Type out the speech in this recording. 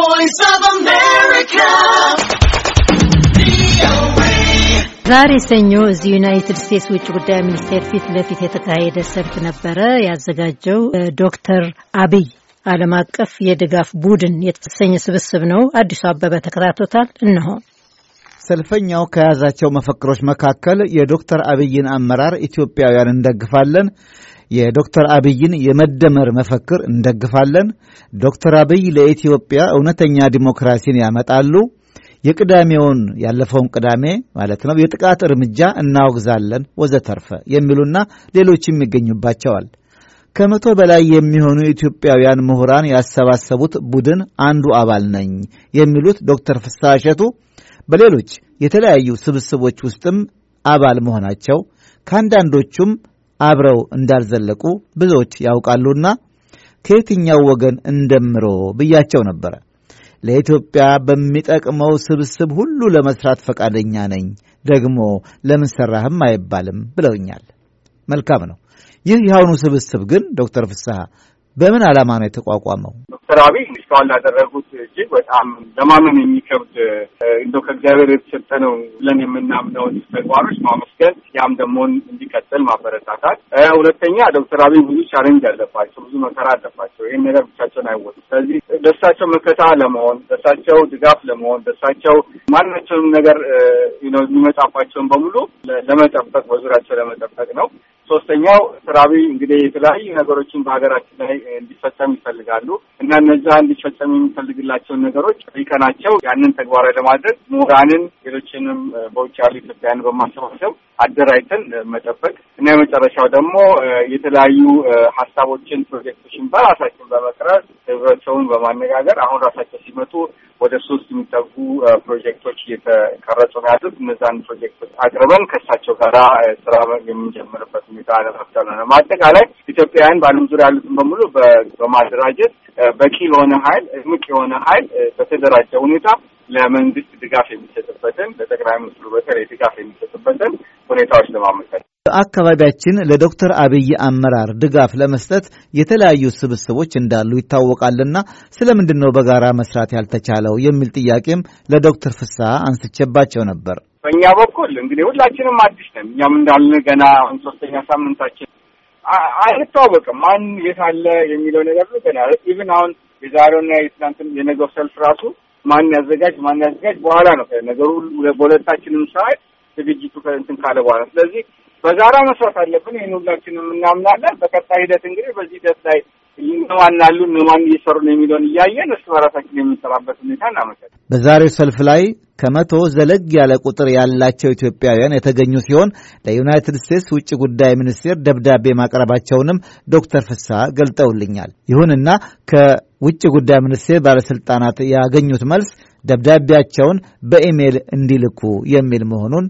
Voice of America. ዛሬ ሰኞ እዚህ ዩናይትድ ስቴትስ ውጭ ጉዳይ ሚኒስቴር ፊት ለፊት የተካሄደ ሰልፍ ነበረ። ያዘጋጀው ዶክተር አብይ ዓለም አቀፍ የድጋፍ ቡድን የተሰኘ ስብስብ ነው። አዲሱ አበበ ተከታቶታል። እነሆ ሰልፈኛው ከያዛቸው መፈክሮች መካከል የዶክተር አብይን አመራር ኢትዮጵያውያን እንደግፋለን፣ የዶክተር አብይን የመደመር መፈክር እንደግፋለን። ዶክተር አብይ ለኢትዮጵያ እውነተኛ ዲሞክራሲን ያመጣሉ። የቅዳሜውን ያለፈውን ቅዳሜ ማለት ነው የጥቃት እርምጃ እናወግዛለን፣ ወዘተርፈ የሚሉና ሌሎችም ይገኙባቸዋል። ከመቶ በላይ የሚሆኑ ኢትዮጵያውያን ምሁራን ያሰባሰቡት ቡድን አንዱ አባል ነኝ የሚሉት ዶክተር ፍስሐ እሸቱ በሌሎች የተለያዩ ስብስቦች ውስጥም አባል መሆናቸው ከአንዳንዶቹም አብረው እንዳልዘለቁ ብዙዎች ያውቃሉና ከየትኛው ወገን እንደምሮ ብያቸው ነበረ። ለኢትዮጵያ በሚጠቅመው ስብስብ ሁሉ ለመስራት ፈቃደኛ ነኝ፣ ደግሞ ለምን አይባልም ብለውኛል። መልካም ነው። ይህ የአሁኑ ስብስብ ግን ዶክተር ፍስሐ በምን ዓላማ ነው የተቋቋመው? ዶክተር አብይ እስካሁን ላደረጉት እጅግ በጣም ለማመን የሚከብድ እንደው ከእግዚአብሔር የተሰጠ ነው ብለን የምናምነውን ተግባሮች ማመስገን፣ ያም ደግሞ እንዲቀጥል ማበረታታት። ሁለተኛ ዶክተር አብይ ብዙ ቻሌንጅ አለባቸው፣ ብዙ መከራ አለባቸው። ይህን ነገር ብቻቸውን አይወጡ። ስለዚህ ደሳቸው መከታ ለመሆን ደሳቸው ድጋፍ ለመሆን ደሳቸው ማናቸውንም ነገር የሚመጣባቸውን በሙሉ ለመጠበቅ በዙሪያቸው ለመጠበቅ ነው። ሶስተኛው ስራዊ እንግዲህ የተለያዩ ነገሮችን በሀገራችን ላይ እንዲፈጸም ይፈልጋሉ እና እነዚያ እንዲፈጸም የሚፈልግላቸውን ነገሮች ጠይቀናቸው ያንን ተግባራዊ ለማድረግ ምሁራንን፣ ሌሎችንም በውጭ ያሉ ኢትዮጵያን በማሰባሰብ አደራጅተን መጠበቅ እና የመጨረሻው ደግሞ የተለያዩ ሀሳቦችን ፕሮጀክቶችን በራሳችን በመቅረጽ ህብረተሰቡን በማነጋገር አሁን ራሳቸው ሲመጡ ወደ ሶስት የሚጠጉ ፕሮጀክቶች እየተቀረጹ ነው ያሉት። እነዛን ፕሮጀክቶች አቅርበን ከእሳቸው ጋር ስራ የምንጀምርበት ሁኔታ ለመፍጠር ነው። አጠቃላይ ኢትዮጵያውያን በዓለም ዙሪያ ያሉትን በሙሉ በማደራጀት በቂ የሆነ ኃይል እምቅ የሆነ ኃይል በተደራጀ ሁኔታ ለመንግስት ድጋፍ የሚሰጥበትን ለጠቅላይ ሚኒስትሩ በተለይ ድጋፍ የሚሰጥበትን ሁኔታዎች ለማመቻቸት በአካባቢያችን ለዶክተር አብይ አመራር ድጋፍ ለመስጠት የተለያዩ ስብስቦች እንዳሉ ይታወቃልና ስለምንድን ነው በጋራ መስራት ያልተቻለው የሚል ጥያቄም ለዶክተር ፍስሐ አንስቼባቸው ነበር። በእኛ በኩል እንግዲህ ሁላችንም አዲስ ነን። እኛም እንዳልን ገና አሁን ሶስተኛ ሳምንታችን አይታወቅም። ማን የት አለ የሚለው ነገር ገና ኢቭን አሁን የዛሬውና የትናንትም የነገው ሰልፍ ራሱ ማን ያዘጋጅ ማን ያዘጋጅ በኋላ ነው ነገሩ በሁለታችንም ሰዓት ዝግጅቱ ከእንትን ካለ በኋላ ስለዚህ በጋራ መስራት አለብን። ይህን ሁላችንም እናምናለን። በቀጣይ ሂደት እንግዲህ በዚህ ሂደት ላይ እነማን አሉ እነማን እየሰሩ ነው የሚለውን እያየን እሱ በራሳችን የምንሰራበት ሁኔታ እናመቻለን። በዛሬው ሰልፍ ላይ ከመቶ ዘለግ ያለ ቁጥር ያላቸው ኢትዮጵያውያን የተገኙ ሲሆን ለዩናይትድ ስቴትስ ውጭ ጉዳይ ሚኒስቴር ደብዳቤ ማቅረባቸውንም ዶክተር ፍስሐ ገልጠውልኛል። ይሁንና ከውጭ ጉዳይ ሚኒስቴር ባለስልጣናት ያገኙት መልስ ደብዳቤያቸውን በኢሜይል እንዲልኩ የሚል መሆኑን